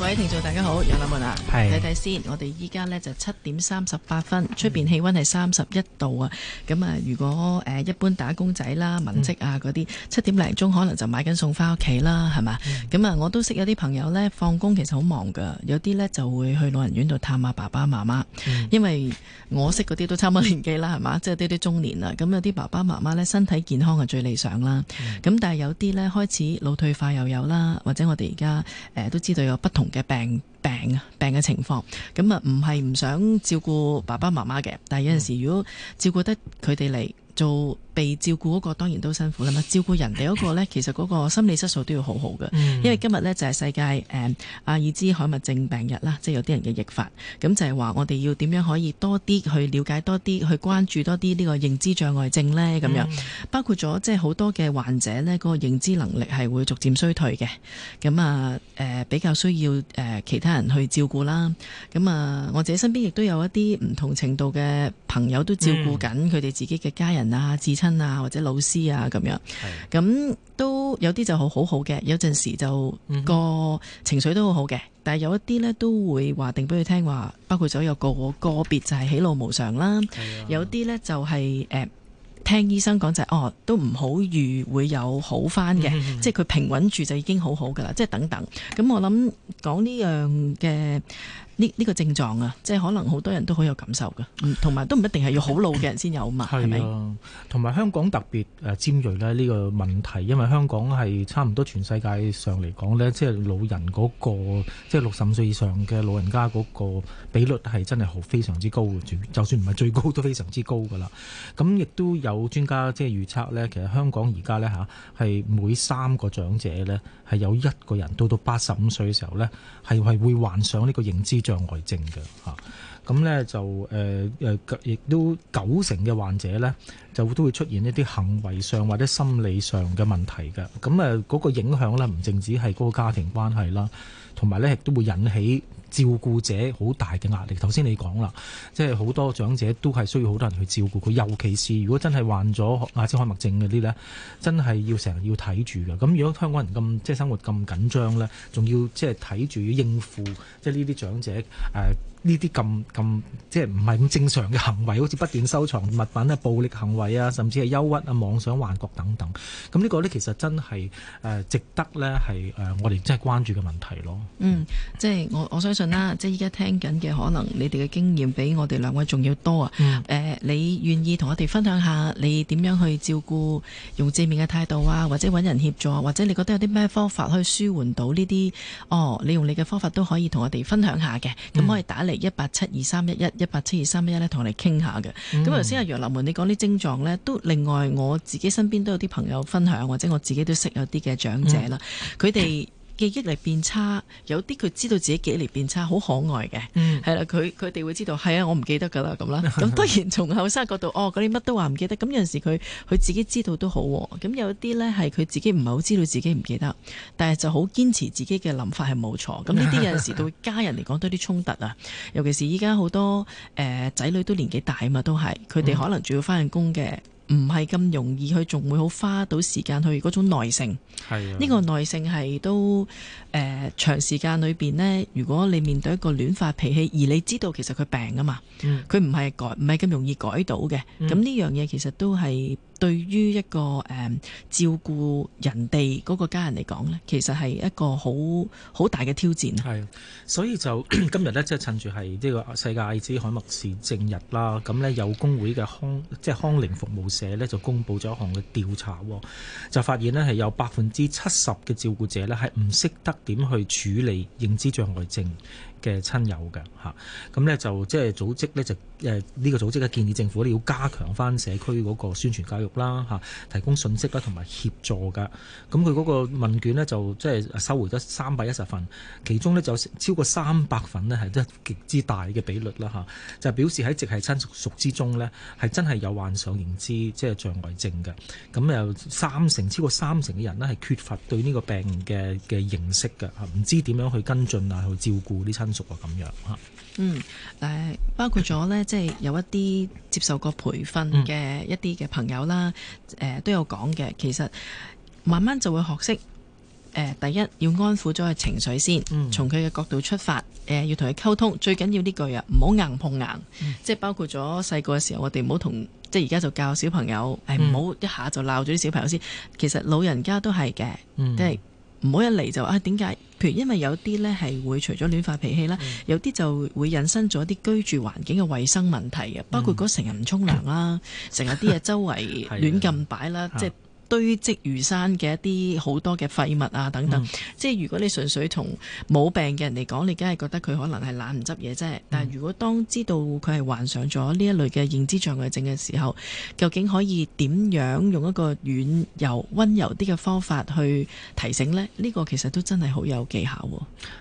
各位聽眾大家好，楊立文啊，睇睇是先看看，我哋依家呢就七點三十八分，出邊氣温係三十一度啊，咁啊、嗯，如果誒、呃、一般打工仔啦、文職啊嗰啲，七、嗯、點零鐘可能就買緊餸返屋企啦，係嘛？咁啊、嗯，我都識有啲朋友呢，放工其實好忙噶，有啲呢就會去老人院度探下爸爸媽媽，嗯、因為我識嗰啲都差唔多年紀啦，係嘛？即係啲啲中年啦，咁有啲爸爸媽媽呢，身體健康係最理想啦，咁、嗯、但係有啲呢，開始腦退化又有啦，或者我哋而家都知道有不同嘅病。病啊，病嘅情況，咁啊唔係唔想照顧爸爸媽媽嘅，但係有陣時候如果照顧得佢哋嚟做被照顧嗰個，當然都辛苦啦。照顧人哋嗰、那個咧， 其實嗰個心理質素都要好好嘅，嗯、因為今日咧就係世界誒阿爾茲海默症病日啦，即、就、係、是、有啲人嘅譯法，咁就係話我哋要點樣可以多啲去了解多啲，去關注多啲呢個認知障礙症咧咁樣、嗯、包括咗即係好多嘅患者咧，嗰、那個、認知能力係會逐漸衰退嘅，咁啊誒、呃、比較需要誒、呃、其他。家人去照顧啦，咁啊，我自己身邊亦都有一啲唔同程度嘅朋友都照顧緊佢哋自己嘅家人啊、至親、嗯、啊或者老師啊咁樣，咁是的 都有啲就好好好嘅，有陣時就個情緒都好好嘅，但係有一啲呢，都會話定俾佢聽話，包括咗有個個別就係、是、喜怒無常啦，是的 有啲呢，就係、是、誒。呃聽醫生講就係哦，都唔好預會有好返嘅，嗯、哼即係佢平穩住就已經好好㗎喇，即係等等。咁我諗講呢樣嘅。呢呢、這個症狀啊，即係可能好多人都好有感受噶，同埋都唔一定係要好老嘅人先有嘛，係咪？同 埋、啊、吧香港特別誒尖鋭咧呢個問題，因為香港係差唔多全世界上嚟講呢，即、就、係、是、老人嗰、那個，即係六十五歲以上嘅老人家嗰個比率係真係好非常之高嘅。就算唔係最高都非常之高㗎啦。咁亦都有專家即係預測呢，其實香港而家呢，吓係每三個長者呢，係有一個人到到八十五歲嘅時候呢，係係會患上呢個認知。障礙症嘅吓，咁咧就誒誒，亦、呃、都九成嘅患者咧，就都會出現一啲行為上或者心理上嘅問題嘅，咁啊嗰個影響咧，唔淨止係嗰個家庭關係啦。同埋咧，亦都會引起照顧者好大嘅壓力。頭先你講啦，即係好多長者都係需要好多人去照顧佢，尤其是如果真係患咗亞茲海默症嗰啲咧，真係要成日要睇住㗎。咁如果香港人咁即係生活咁緊張咧，仲要即係睇住要應付即係呢啲長者、呃呢啲咁咁即係唔係咁正常嘅行為，好似不斷收藏物品啊、暴力行為啊，甚至係憂鬱啊、妄想幻覺等等。咁呢個咧其實真係誒值得咧係誒我哋真係關注嘅問題咯。嗯，即係我我相信啦，即係依家聽緊嘅可能你哋嘅經驗比我哋兩位仲要多啊。誒、嗯呃，你願意同我哋分享下你點樣去照顧用正面嘅態度啊，或者揾人協助，或者你覺得有啲咩方法可以舒緩到呢啲？哦，你用你嘅方法都可以同我哋分享下嘅，咁、嗯、可以打。一八七二三一一一八七二三一一咧，同我哋傾下嘅。咁頭先阿楊立門你，你講啲症狀咧，都另外我自己身邊都有啲朋友分享，或者我自己都識有啲嘅長者啦，佢哋，嗯。們 記憶力變差，有啲佢知道自己記憶力變差，好可愛嘅，係啦、嗯，佢佢哋會知道，係啊，我唔記得噶啦咁啦。咁當然從後生角度，哦，嗰啲乜都話唔記得，咁有陣時佢佢自己知道都好喎。咁有啲呢係佢自己唔係好知道自己唔記得，但係就好堅持自己嘅諗法係冇錯。咁呢啲有陣時對 家人嚟講都有啲衝突啊，尤其是依家好多誒仔、呃、女都年紀大啊嘛，都係佢哋可能仲要翻緊工嘅。嗯唔係咁容易，佢仲會好花到時間去嗰種耐性。呢、係啊、個耐性係都誒、呃、長時間裏面呢，如果你面對一個亂發脾氣，而你知道其實佢病啊嘛，佢唔係改唔係咁容易改到嘅。咁呢、嗯、樣嘢其實都係。對於一個誒、嗯、照顧人哋嗰個家人嚟講呢，其實係一個好好大嘅挑戰。係，所以就 今日呢，即係趁住係呢個世界艾滋海默氏症日啦，咁呢有工會嘅康即係康寧服務社呢，就公布咗一項嘅調查，就發現呢係有百分之七十嘅照顧者呢，係唔識得點去處理認知障礙症。嘅親友嘅吓，咁咧就即係組織咧就誒呢、這個組織咧建議政府咧要加強翻社區嗰個宣傳教育啦吓，提供信息啦同埋協助噶。咁佢嗰個問卷咧就即係收回咗三百一十份，其中咧就超過三百份咧係都極之大嘅比率啦吓，就表示喺直系親屬之中咧係真係有患上認知即係障礙症嘅。咁有三成超過三成嘅人咧係缺乏對呢個病嘅嘅認識嘅吓，唔知點樣去跟進啊，去照顧啲親。熟咁樣吓。嗯，誒，包括咗呢，即係有一啲接受過培訓嘅一啲嘅朋友啦，誒、嗯呃，都有講嘅。其實慢慢就會學識、呃，第一要安撫咗佢情緒先，從佢嘅角度出發，誒、呃，要同佢溝通。最緊要呢句啊，唔好硬碰硬。嗯、即係包括咗細個嘅時候，我哋唔好同，即係而家就教小朋友，誒、嗯，唔好、哎、一下就鬧咗啲小朋友先。其實老人家都係嘅，嗯、即係。唔好一嚟就啊，點解？譬如因為有啲咧係會除咗亂發脾氣啦，嗯、有啲就會引申咗啲居住環境嘅衛生問題嘅，包括嗰成日唔沖涼啦，成日啲嘢周圍亂咁擺啦，即係堆積如山嘅一啲好多嘅廢物啊等等，嗯、即係如果你純粹同冇病嘅人嚟講，你梗係覺得佢可能係懶唔執嘢啫。但係如果當知道佢係患上咗呢一類嘅認知障礙症嘅時候，究竟可以點樣用一個軟柔溫柔、溫柔啲嘅方法去提醒呢？呢、呢個其實都真係好有技巧。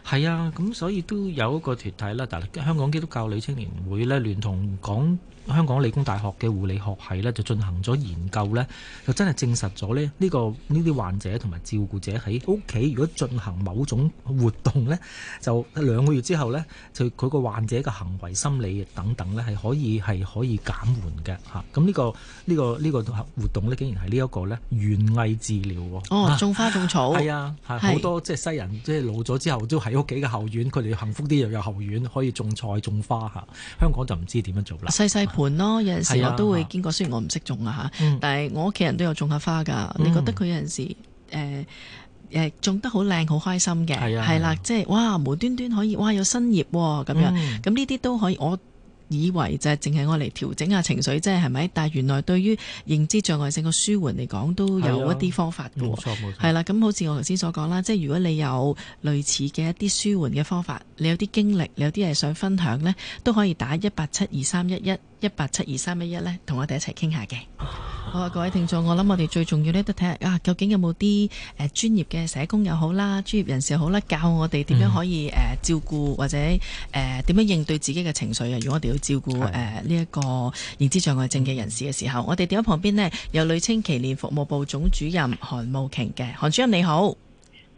係啊，咁、啊、所以都有一個團體啦，但係香港基督教女青年會呢，聯同講，香港理工大學嘅護理學系咧就進行咗研究咧，就真係證實咗咧，呢個呢啲患者同埋照顧者喺屋企如果進行某種活動咧，就兩個月之後咧，就佢個患者嘅行為心理等等咧係可以係可以減緩嘅嚇。咁、啊、呢、呢個呢、呢個呢、呢個活動咧竟然係呢一個咧園藝治療喎。哦，種花種草。係啊，好、啊、是多即係西人即係老咗之後都喺屋企嘅後院，佢哋幸福啲又有後院可以種菜種花嚇、啊。香港就唔知點樣做啦。西西咯，有陣時我都會經過。啊、雖然我唔識種啊吓，嗯、但係我屋企人都有種下花噶。嗯、你覺得佢有陣時，誒、呃、誒，種得好靚，好開心嘅，係啦，即係哇，無端端可以，哇有新葉咁、哦、樣，咁呢啲都可以我。以為就係淨係我嚟調整下情緒，即係咪？但原來對於認知障礙性嘅舒緩嚟講，都有一啲方法嘅。冇錯，冇錯。係啦，咁好似我頭先所講啦，即係如果你有類似嘅一啲舒緩嘅方法，你有啲經歷，你有啲係想分享呢，都可以打一八七二三一一一八七二三一一呢同我哋一齊傾下嘅。好啊，各位聽眾，我諗我哋最重要呢都睇下啊，究竟有冇啲誒專業嘅社工又好啦，專業人士又好啦，教我哋點樣可以誒、嗯呃、照顧或者誒點、呃、樣應對自己嘅情緒啊，如果我哋要照顧誒呢一個認知障礙症嘅人士嘅時候，我哋點樣旁邊呢，有女青耆年服務部總主任韓慕瓊嘅，韓主任你好。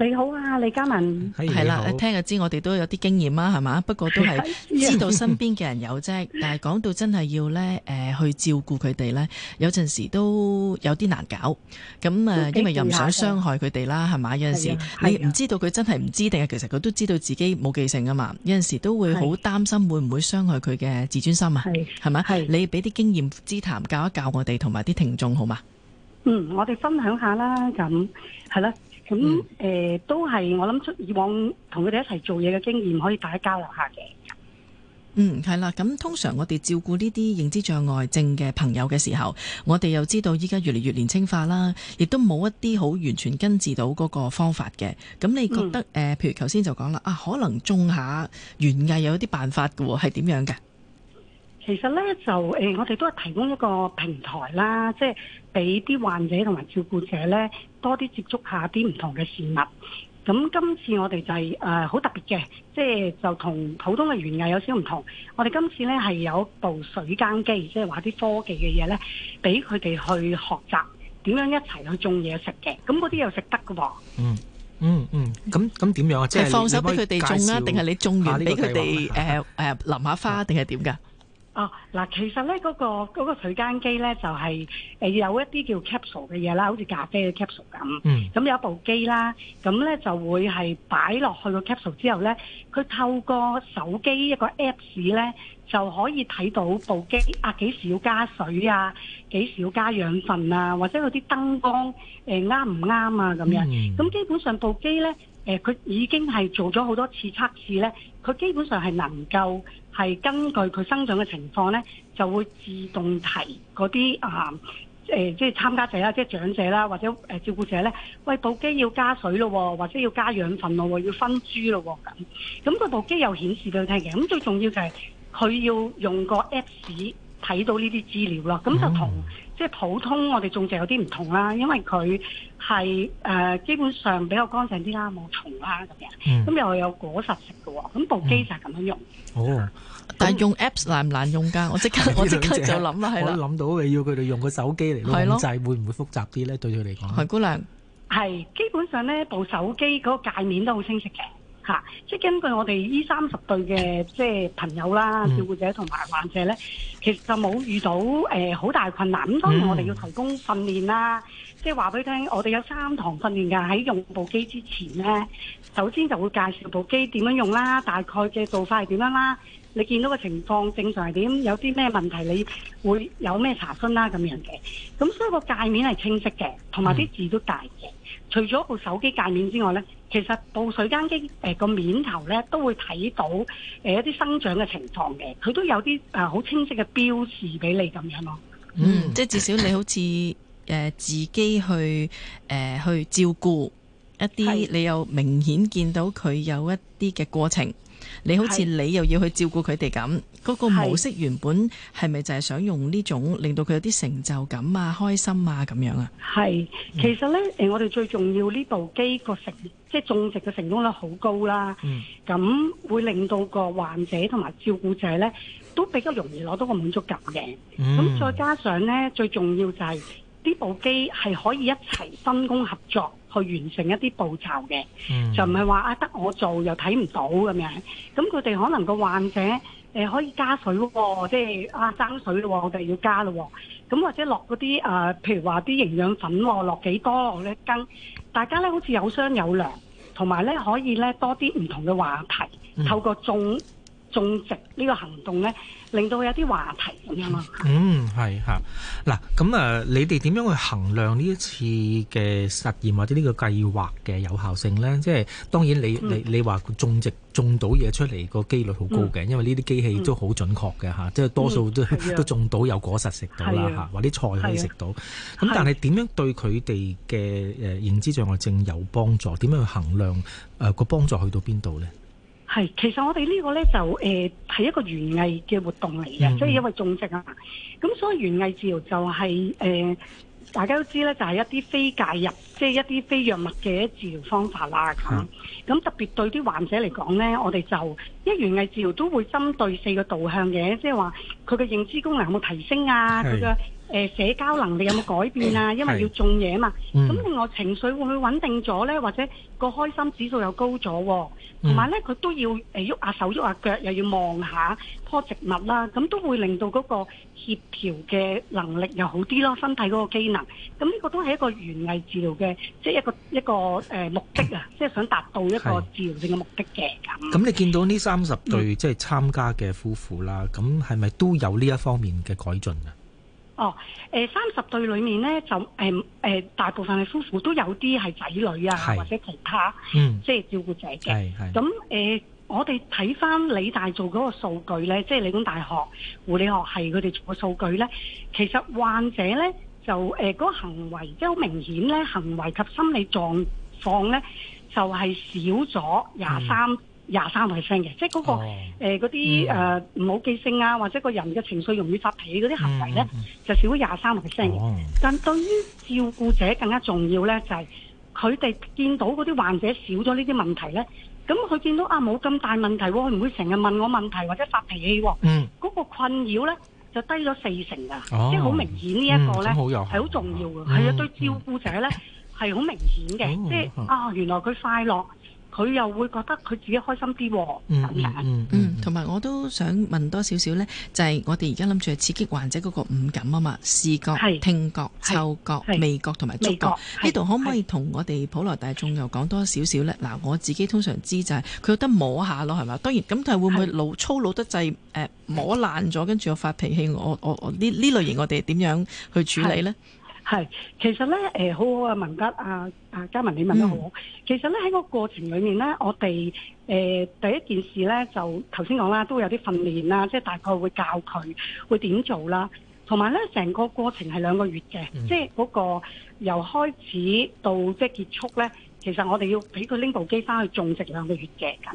你好啊，李嘉文係啦、hey，聽就知我哋都有啲經驗啦，係嘛？不過都係知道身邊嘅人有啫。 但係講到真係要咧，誒、呃，去照顧佢哋咧，有陣時都有啲難搞。咁、嗯、誒，因為又唔想傷害佢哋啦，係嘛？有陣時你唔知道佢真係唔知，定係其實佢都知道自己冇記性啊嘛？有陣時都會好擔心會唔會傷害佢嘅自尊心啊？係係嘛？係你俾啲經驗之談教一教我哋同埋啲聽眾好嘛？嗯，我哋分享下啦，咁係啦。咁誒、呃，都係我諗出以往同佢哋一齊做嘢嘅經驗，可以大家交流下嘅。嗯，係啦。咁通常我哋照顧呢啲認知障礙症嘅朋友嘅時候，我哋又知道依家越嚟越年青化啦，亦都冇一啲好完全根治到嗰個方法嘅。咁你覺得誒、嗯呃，譬如頭先就講啦，啊，可能種下園藝有啲辦法喎，係點樣嘅？其實咧就誒、欸，我哋都係提供一個平台啦，即係俾啲患者同埋照顧者咧多啲接觸下啲唔同嘅事物。咁今次我哋就係誒好特別嘅，即係就同普通嘅園藝有少少唔同。我哋今次咧係有部水耕機，即係話啲科技嘅嘢咧，俾佢哋去學習點樣一齊去種嘢食嘅。咁嗰啲又食得㗎喎。嗯嗯嗯，咁咁點樣啊？即係放手俾佢哋種啊？定係你種完俾佢哋誒誒淋下花定係點㗎？嗯哦，嗱，其實咧、那、嗰個嗰、那個水間機咧就係有一啲叫 capsule 嘅嘢啦，好似咖啡嘅 capsule 咁。嗯。咁有一部機啦，咁咧就會係擺落去個 capsule 之後咧，佢透過手機一個 Apps 咧就可以睇到部機啊幾時要加水啊，幾時要加養分啊，或者嗰啲燈光啱唔啱啊咁樣。咁、嗯、基本上部機咧佢、欸、已經係做咗好多次測試咧，佢基本上係能夠。係根據佢生長嘅情況咧，就會自動提嗰啲啊誒，即係參加者啦，即係長者啦，或者、呃、照顧者咧，喂，部機要加水咯，哦，或者要加養分咯，哦，要分株咯咁。咁嗰部機又顯示俾佢聽嘅。咁最重要就係佢要用個 Apps 睇到呢啲資料啦。咁就同。嗯即係普通，我哋種植有啲唔同啦，因為佢係誒基本上比較乾淨啲啦，冇蟲啦咁樣，咁、嗯、又有果實食嘅喎、喔，咁部機就係咁樣用、嗯。哦！以但係用 Apps 難唔難用㗎？我即刻 我即刻就諗啦，係啦者，諗了到嘅要佢哋用個手機嚟控制，會唔會複雜啲咧？是咯對佢哋講？許姑娘，韓姑娘係基本上咧，部手機嗰個界面都好清晰嘅。吓，即係根據我哋呢三十對嘅即係朋友啦、照顧者同埋患者呢，其實就冇遇到誒好、呃、大困難。咁當然我哋要提供訓練啦，即係話俾你聽，我哋有三堂訓練㗎。喺用部機之前呢，首先就會介紹部機點樣用啦，大概嘅做法係點樣啦，你見到個情況正常係點，有啲咩問題你會有咩查詢啦咁樣嘅。咁所以個界面係清晰嘅，同埋啲字都大嘅。除咗部手機界面之外呢。其實倒水間機誒個面頭咧都會睇到誒、呃、一啲生長嘅情況嘅，佢都有啲誒好清晰嘅標示俾你咁樣咯。嗯，即係 至少你好似誒、呃、自己去誒、呃、去照顧。一啲你又明顯見到佢有一啲嘅過程，你好似你又要去照顧佢哋咁，嗰個模式原本係咪就係想用呢種令到佢有啲成就感啊、開心啊咁樣啊？係，其實咧誒，我哋最重要呢部機個成即係種植嘅成功率好高啦，咁會令到個患者同埋照顧者咧都比較容易攞到個滿足感嘅。咁再加上咧，最重要就係呢部機係可以一齊分工合作。去完成一啲步驟嘅，嗯、就唔係話啊得我做又睇唔到咁樣。咁佢哋可能個患者誒、呃、可以加水喎、哦，即係啊爭水咯，我哋要加咯、哦，咁或者落嗰啲啊，譬如話啲營養粉喎、哦，落幾多呢一羹？大家咧好似有商有量，同埋咧可以咧多啲唔同嘅話題，透過種。嗯種植呢個行動呢，令到有啲話題咁樣。嗯，係嚇。嗱，咁啊，你哋點樣去衡量呢一次嘅實驗或者呢個計劃嘅有效性呢？即、就、係、是、當然你，嗯、你你你話種植種到嘢出嚟個機率好高嘅，嗯、因為呢啲機器都好準確嘅嚇，即係、嗯、多數都、嗯、都種到有果實食到啦嚇，的或啲菜可以食到。咁的但係點樣對佢哋嘅誒認知障礙症有幫助？點樣去衡量誒個、呃、幫助去到邊度呢？係，其實我哋呢個呢就誒係、呃、一個園藝嘅活動嚟嘅，嗯、即係因為種植啊，咁、嗯、所以園藝治療就係、是、誒、呃，大家都知呢，就係一啲非介入，即、就、係、是、一啲非藥物嘅治療方法啦。咁、嗯、特別對啲患者嚟講呢，我哋就一園藝治療都會針對四個導向嘅，即係話佢嘅認知功能有冇提升啊？佢嘅是。誒，社交能力有冇改變啊？因為要種嘢啊嘛，咁另外情緒會唔會穩定咗咧？或者個開心指數又高咗，同埋咧佢都要誒喐下手喐下腳，又要望下棵植物啦，咁都會令到嗰個協調嘅能力又好啲咯，身體嗰個機能。咁呢個都係一個園藝治療嘅，即係一個一個誒目的啊，即係想達到一個治療性嘅目的嘅咁。咁你見到呢三十對即係參加嘅夫婦啦，咁係咪都有呢一方面嘅改進啊？哦，三、呃、十對裏面咧就誒誒、呃呃、大部分嘅夫婦都有啲係仔女啊，是或者其他，嗯，即係照顧者嘅。咁誒、呃，我哋睇翻理大做嗰個數據咧，即、就、係、是、理工大學護理學系佢哋做嘅數據咧，其實患者咧就誒嗰、呃那個行為即係好明顯咧，行為及心理狀況咧就係、是、少咗廿三。廿三 percent 嘅，即係嗰個誒嗰啲誒唔好記性啊，或者個人嘅情緒容易發脾氣嗰啲行為咧，就少廿三 percent。但係對於照顧者更加重要咧，就係佢哋見到嗰啲患者少咗呢啲問題咧，咁佢見到啊冇咁大問題喎，唔會成日問我問題或者發脾氣喎，嗰個困擾咧就低咗四成噶，即係好明顯呢一個咧係好重要嘅，係啊對照顧者咧係好明顯嘅，即係啊原來佢快樂。佢又會覺得佢自己開心啲、嗯，嗯嗯嗯，同、嗯、埋、嗯、我都想問多少少呢，就係、是、我哋而家諗住係刺激患者嗰個五感啊嘛，視覺、是聽覺、嗅是覺、是味覺同埋觸覺，呢度覺可唔可以同我哋普羅大眾又講多少少呢？嗱，我自己通常知就係、是、佢有得摸下咯，係嘛？當然咁但係會唔會老是粗魯得滯誒、呃，摸爛咗跟住我發脾氣，我我呢呢類型我哋點樣去處理呢？係，其實咧，誒、呃，好好嘅文吉，阿阿嘉文，你問得好。好、嗯。其實咧，喺個過程裏面咧，我哋誒、呃、第一件事咧，就頭先講啦，都會有啲訓練啦，即係大概會教佢會點做啦，同埋咧，成個過程係兩個月嘅，嗯、即係嗰個由開始到即係結束咧。其實我哋要俾佢拎部機翻去種植兩個月嘅咁。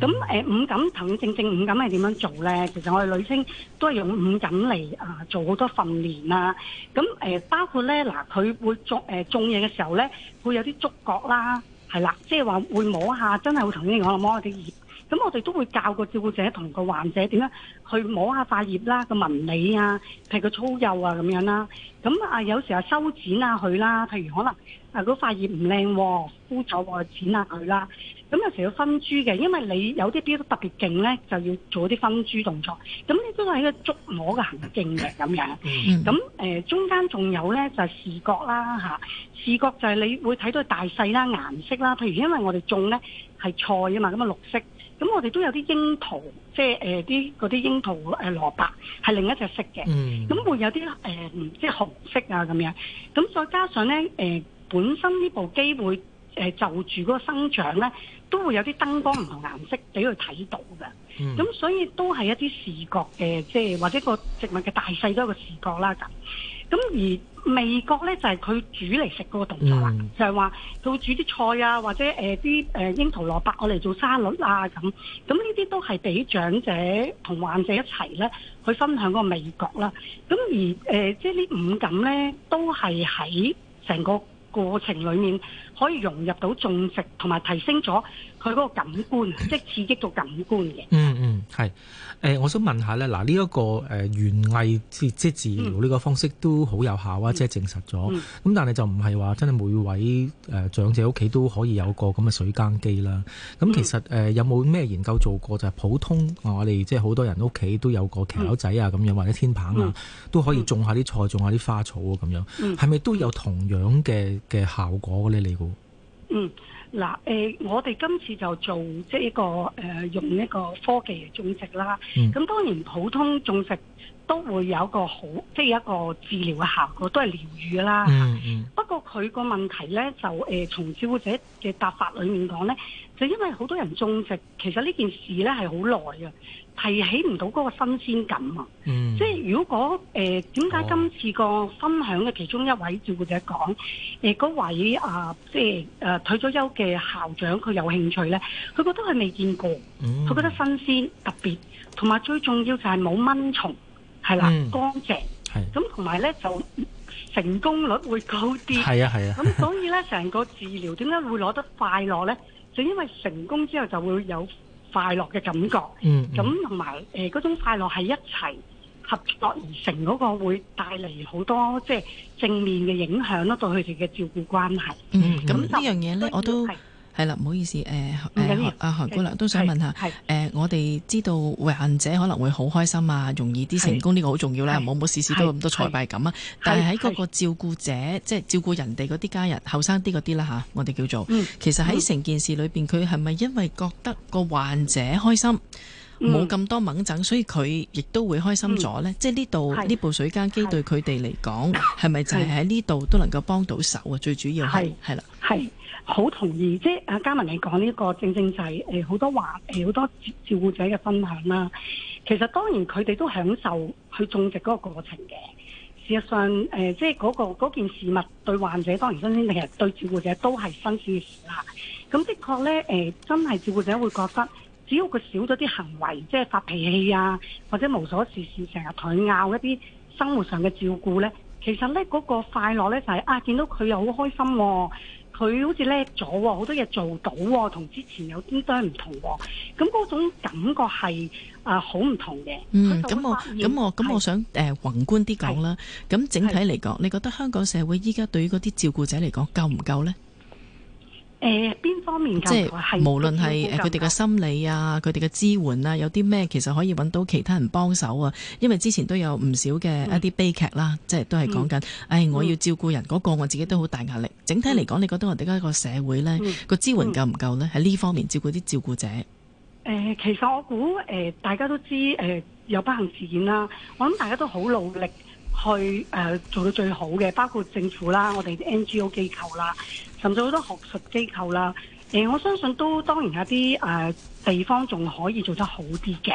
咁誒、呃、五感騰，正正五感係點樣做咧？其實我哋女青都係用五感嚟啊，做好多訓練啊。咁誒、呃、包括咧，嗱，佢、呃、會、呃、種誒種嘢嘅時候咧，會有啲觸覺啦，係啦，即係話會摸一下，真係會同啲我摸下啲咁我哋都會教個照顧者同個患者點樣去摸下塊葉啦，個紋理啊，譬如個粗幼啊咁樣啦。咁啊有時候修剪下佢啦，譬如可能啊嗰塊葉唔靚喎枯咗喎，剪下佢啦。咁有時候要分株嘅，因為你有啲啲特別勁咧，就要做啲分株動作。咁呢都係一個捉摸嘅行徑嘅咁樣。咁、 呃、中間仲有咧就係、是、視覺啦嚇、啊，視覺就係你會睇到大細啦、顏色啦。譬如因為我哋種咧。係菜啊嘛，咁啊綠色，咁我哋都有啲櫻桃，即係誒啲嗰啲櫻桃誒、呃、蘿蔔，係另一隻色嘅，咁、嗯、會有啲誒、呃、即係紅色啊咁樣，咁再加上咧誒、呃、本身呢部機會誒、呃、就住嗰個生長咧，都會有啲燈光唔同顏色俾佢睇到嘅，咁、嗯、所以都係一啲視覺嘅，即、就、係、是、或者個植物嘅大細都係一個視覺啦咁。咁而味覺咧就係、是、佢煮嚟食嗰個動作啦，嗯、就係話佢會煮啲菜啊，或者啲誒櫻桃蘿蔔我嚟做沙律啊，咁咁呢啲都係俾長者同患者一齊咧去分享個味覺啦。咁而誒即係呢五感咧，都係喺成個過程裏面。可以融入到種植，同埋提升咗佢嗰個感官，即係刺激到感官嘅，嗯。嗯嗯，係。誒、呃，我想問下咧，嗱呢一個誒園藝治即係治療呢個方式都好有效啊，嗯、即係證實咗。咁、嗯、但係就唔係話真係每位誒、呃、長者屋企都可以有個咁嘅水耕機啦。咁其實誒、呃嗯、有冇咩研究做過就係、是、普通我哋即係好多人屋企都有個騎樓仔啊咁樣、嗯、或者天棚啊、嗯、都可以種下啲菜，嗯、種下啲花草啊咁樣，係咪、嗯、都有同樣嘅嘅、嗯、效果咧？你嗯，嗱，誒，我哋今次就做即係一個誒、呃、用呢個科技嘅種植啦。咁、嗯、當然普通種植都會有一個好，即係一個治療嘅效果，都係療愈啦。嗯嗯、不過佢個問題咧，就誒從照顧者嘅答法裏面講咧，就因為好多人種植，其實呢件事咧係好耐嘅。提起唔到嗰個新鮮感啊！嗯、即係如果誒，點、呃、解今次個分享嘅其中一位照顧者講，誒、呃、嗰位啊、呃，即係誒、呃、退咗休嘅校長，佢有興趣咧，佢覺得佢未見過，佢、嗯、覺得新鮮特別，同埋最重要就係冇蚊蟲，係啦，乾淨、嗯，咁同埋咧就成功率會高啲，係啊係啊，咁、啊、所以咧成個治療點解會攞得快樂咧？就因為成功之後就會有。快樂嘅感覺，嗯，咁同埋誒嗰種快樂係一齊合作而成嗰個，會帶嚟好多即係、就是、正面嘅影響咯，對佢哋嘅照顧關係、嗯，嗯，咁就呢樣嘢咧，都要我都。係啦，唔好意思，誒誒阿韓姑娘是都想問下，誒、呃、我哋知道患者可能會好開心啊，容易啲成功呢是個好重要啦，冇冇事事都咁多挫敗感咁啊？但係喺嗰個照顧者，即係照顧人哋嗰啲家人，後生啲嗰啲啦嚇，我哋叫做，嗯、其實喺成件事裏面，佢係咪因為覺得個患者開心？冇咁多猛整，所以佢亦都會開心咗咧。嗯嗯、即係呢度呢部水耕機對佢哋嚟講，係咪是就係喺呢度都能夠幫到手啊？是最主要係係啦，係好是同意。即係阿嘉文你講呢個，正正就係、是、好、呃、多話好、呃、多照顧者嘅分享啦。其實當然佢哋都享受去種植嗰個過程嘅。事實上，呃、即係嗰、嗰個嗰件事物對患者當然新鮮，但係對照顧者都係新鮮嘅事啦。咁的確咧、呃，真係照顧者會覺得。只要佢少咗啲行為，即係發脾氣啊，或者無所事事，成日同佢拗一啲生活上嘅照顧呢，其實呢嗰個快樂呢、就係，就係啊，見到佢又好開心，佢好似叻咗喎，好多嘢做到喎，同之前有啲多唔同喎，咁嗰種感覺係啊好唔同嘅。嗯，咁我咁我咁我想誒是宏觀啲講啦，咁是整體嚟講，是你覺得香港社會依家對於嗰啲照顧者嚟講夠唔夠呢？誒邊、呃、方面即係無論係佢哋嘅心理啊，佢哋嘅支援啊，有啲咩其實可以揾到其他人幫手啊？因為之前都有唔少嘅一啲悲劇啦，嗯、即係都係講緊誒，我要照顧人嗰、嗯、個，我自己都好大壓力。整體嚟講，嗯、你覺得我哋而家個社會呢個、嗯、支援夠唔夠呢？喺呢方面照顧啲照顧者？呃、其實我估、呃、大家都知、呃、有不幸事件啦，我諗大家都好努力去、呃、做到最好嘅，包括政府啦，我哋 NGO 機構啦。甚至好多學術機構啦，誒、呃，我相信都當然有啲誒、呃、地方仲可以做得好啲嘅，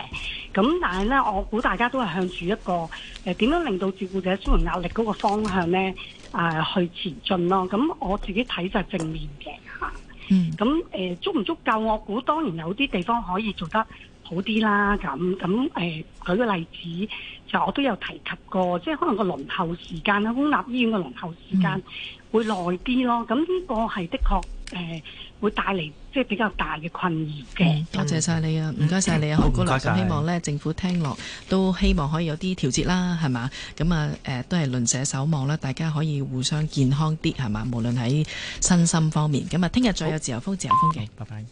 咁但係咧，我估大家都係向住一個誒點、呃、樣令到照顧者舒緩壓力嗰個方向咧啊、呃、去前進咯。咁我自己睇就係正面嘅嚇，咁誒、mm. 啊呃、足唔足夠？我估當然有啲地方可以做得好啲啦，咁咁誒，舉個例子就我都有提及過，即係可能個輪候時間啦，公立醫院嘅輪候時間會耐啲咯。咁呢、嗯、個係的確誒、呃、會帶嚟即係比較大嘅困擾嘅、嗯。多謝晒你啊，唔該晒你啊，好、嗯啊、高興，希望咧政府聽落都希望可以有啲調節啦，係嘛？咁啊誒都係鄰舍守望啦，大家可以互相健康啲係嘛？無論喺身心方面，咁啊，聽日再有自由風好自由風嘅，拜拜。